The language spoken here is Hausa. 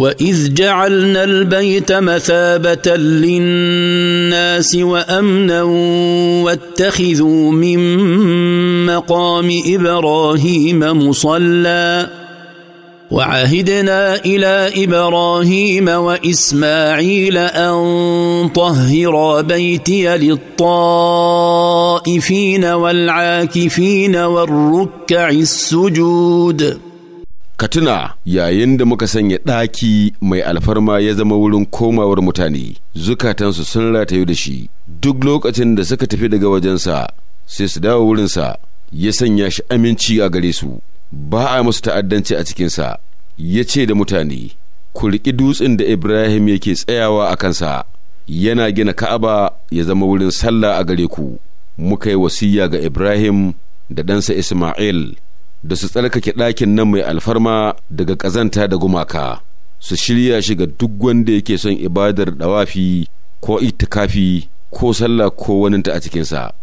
واذ جعلنا البيت مثابه للناس وامنا واتخذوا من مقام ابراهيم مصلى وعهدنا الى ابراهيم واسماعيل ان طهرا بيتي للطائفين والعاكفين والركع السجود ka tuna yayin da muka sanya ɗaki mai alfarma ya zama wurin komawar mutane zukatansu sun ratayu da shi duk lokacin da suka tafi daga wajensa sai su dawo wurinsa ya sanya shi aminci a gare su ba a musu ta'addanci a cikinsa ya ce da mutane ku riƙi dutsen da ibrahim yake tsayawa a kansa yana gina ka'aba ya zama wurin sallah a gare ku muka yi wasiya ga ibrahim da ɗansa isma'il da su tsarkake ɗakin nan mai alfarma daga ƙazanta da gumaka su shirya shi ga duk wanda yake son ibadar ɗawafi ko itikafi ko sallah ko waninta a cikinsa